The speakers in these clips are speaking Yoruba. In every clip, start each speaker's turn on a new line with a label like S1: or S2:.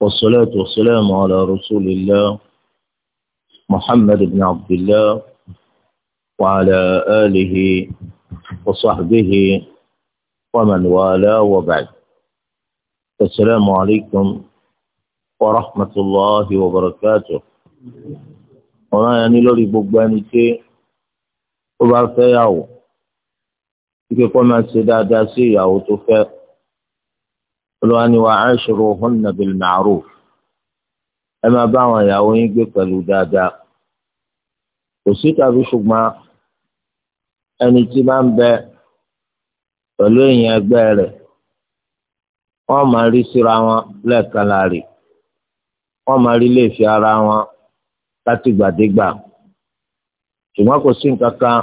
S1: والصلاة والسلام على رسول الله محمد بن عبد الله وعلى آله وصحبه ومن والاه وبعد السلام عليكم ورحمة الله وبركاته ọ̀ràn يعني ní lórí gbogbo ẹni tí ó bá fẹ́ yàwó kíkẹ́ olùwàní wa ashiruhunna bil ma'ruf ẹ máa bá àwọn ìyàwó yín gbé pẹ̀lú dáadáa kò sí tàbí ṣùgbọ́n ẹni tí máa ń bẹ pẹ̀lú èèyàn ẹgbẹ́ rẹ̀ wọ́n máa rí síra wọn lẹ́ẹ̀kan láàrin wọ́n máa rí léèfì ara wọn láti gbàdégbà ṣùgbọ́n kò sí nǹkan kan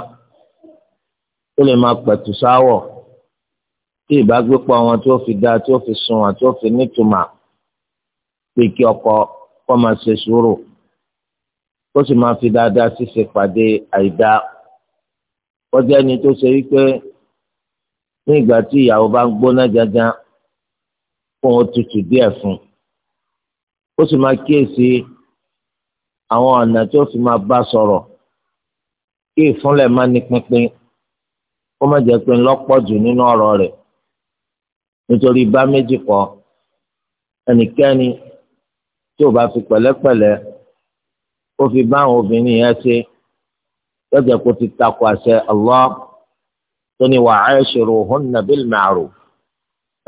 S1: tó lè máa pẹ̀tù sáwọ̀ tí ìbágbépọ̀ wọn tí ó fi dáa tí ó fi sun wọn tí ó fi nítumà pé kí ọkọ kọ́ máa ṣe sùúrù ó sì máa fi dáadáa ṣíṣe pàdé àìdá ó jẹ́ ẹni tó ṣe wípé ní ìgbà tí ìyàwó bá ń gbóná janjan kó wọn tutù díẹ̀ fún ó sì máa kíyèsí àwọn ọ̀nà tí ó fi máa bá sọ̀rọ̀ kí ìfúnlẹ̀ má ní pínpín kó má jẹ́ pé ńlọ́pọ̀ jù nínú ọ̀rọ̀ rẹ̀ nítorí bá méjì kọ ẹnikẹ́ni tí ò bá fi pẹ̀lẹ́pẹ̀lẹ́ ó fi bá àwọn obìnrin yẹn ṣe lọ́jà kó ti takò àṣẹ Allah tó ní wa aishiruhunna bil ma'ruf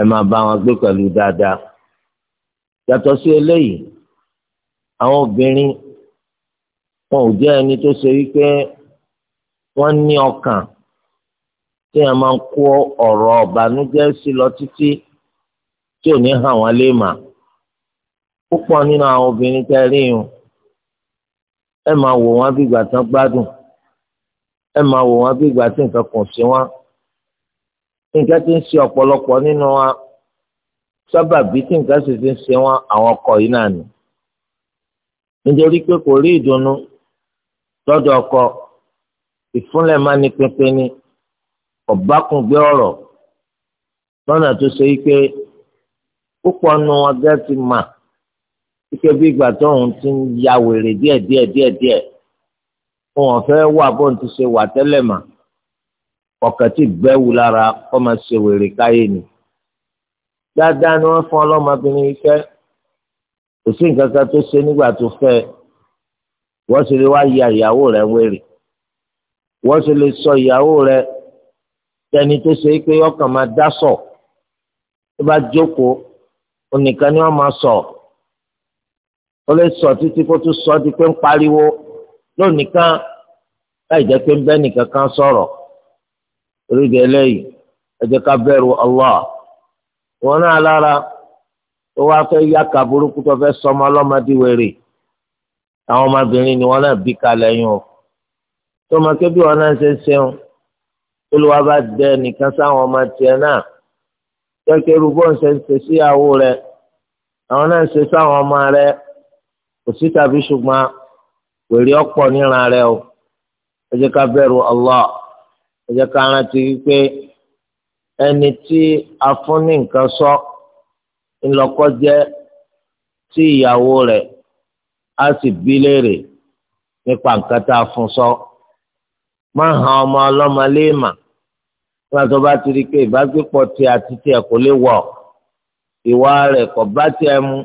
S1: ẹ máa bá wọn gbé pẹ̀lú dáadáa. yàtọ̀ sí eléyìí àwọn obìnrin wọn ò jẹ́ ẹni tó ṣe wípé wọ́n ní ọkàn. tí a máa ń kó ọ̀rọ̀ ọ̀bànújẹ́ sí lọ títí tí ò ní hàn wọ́n lè nínú àwọn obìnrin tẹ́ rí yun ẹ máa wò wọ́n bí ìgbà tán gbádùn ẹ máa wò wọ́n bí ìgbà tí nǹkan kò sí wọn nǹkan ti ń ṣe ọ̀pọ̀lọpọ̀ nínú wọn àwọn ọkọ yìí náà nítorí pé kò rí ìdùnnú ọ̀bákùn gbé ọ̀rọ̀ lọ́nà tó ṣe yí pé púpọ̀ nu ọgá ti mà kíkẹ́ bí ìgbà tó òun ti ń ya wèrè díẹ̀díẹ̀ díẹ̀díẹ̀ òun ọ̀fẹ́ wà bóun ti ṣe wà tẹ́lẹ̀ mà ọ̀kàn tí gbẹ́wù lára kọ́ máa ṣe wèrè káyé ni dáadáa ni wọ́n fún ọlọ́mọbìnrin yìí fẹ́ kò sí nǹkan kan tó ṣe nígbà tó fẹ́ wọ́n sì lè wá ya ìyàwó rẹ̀ wèrè wọ́n sì lè sọ ìyàwó rẹ̀ tẹni tó ṣe pé ọkàn máa dá sọ tó bá jókòó onìkan ni wọn máa sọ ó lè sọ títí kó tó sọ di pé ń pariwo lónìkan láì jẹ́ pé ń bẹ nìkan kan sọ̀rọ̀ oríṣi eléyìí ẹ ká bẹ̀rù Allah wọn náà lára ó wá fẹ́ yáka burúkú tó fẹ́ sọmọ ọlọ́mọdé wèrè àwọn ọmọbìnrin ni wọn náà bí kalẹ̀ yín o tó mọ kébí wọn náà ṣe ń ṣeun olùwà bá dẹ nìkan sáwọn ọmọ tiẹ̀ náà kẹ́kẹ́ rúgbó ń ṣe ń ṣe síyàwó rẹ̀ àwọn náà ń ṣe sáwọn ọmọ rẹ̀ kò sí tàbí ṣùgbọ́n wèrè ọ̀pọ̀ níran rẹ̀ o ẹ jẹ́ ká bẹ̀rù Allah ẹ ká rántí wípé ẹni tí a fún ní nǹkan sọ ńlọkọ jẹ́ tí ìyàwó rẹ̀ á sì bí léèrè nípa nǹkan tá a fún sọ má hàn ọmọ ọlọ́mọ léèmà. So wọn sọ bá ti rí i pé ìbágbépọ̀ tí àti tí ẹ̀ kò lè wọ̀ ìwà rẹ̀ kò bá tí mu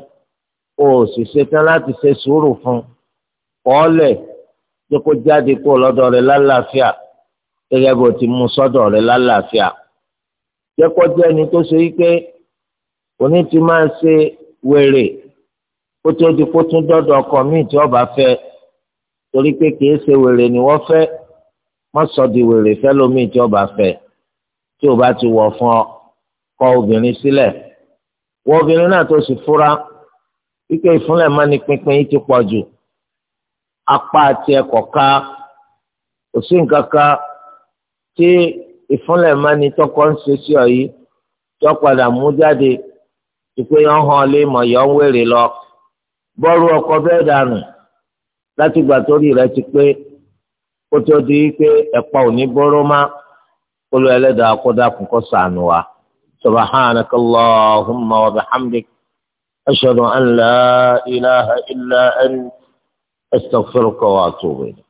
S1: o sì ṣetán láti ṣe sùúrù fún kọ́ọ̀lẹ̀ tó kó jáde kó lọ́dọ̀ rẹ̀ lálàáfíà gẹ́gẹ́ bó ti mú sọ́dọ̀ rẹ̀ lálàáfíà jẹ́kọ́ jẹ́ ẹni tó ṣe wípé òní ti máa ṣe wèrè kó tó di kó tún dọ́dọ̀ ọkọ míì tí ọba fẹ́ torí pé kìí ṣe wèrè ni wọ́n fẹ́ mọ́sọ̀dì wèrè fẹ́ lómi tí ọba fẹ́ tí o bá ti wọ̀ fún ọ kọ obìnrin sílẹ̀ wọ obìnrin náà tó sì fura wípé ìfúnlẹ̀ máa ní pínpín yìí ti pọ̀ jù apá àti ẹ̀kọ́ ká kò sí nǹkan kan tí ìfúnlẹ̀ máa ní tọkọ ń ṣe sí ọ yìí tí padà mú jáde lọ bọ́ọ̀rù ọkọ bẹ́ẹ̀ dànù látìgbà tó rí rẹ ti pé kó tó di ò قل لدى قداكم قصة عنوا سبحانك اللهم وبحمدك أشهد أن لا إله إلا أن أستغفرك وأتوب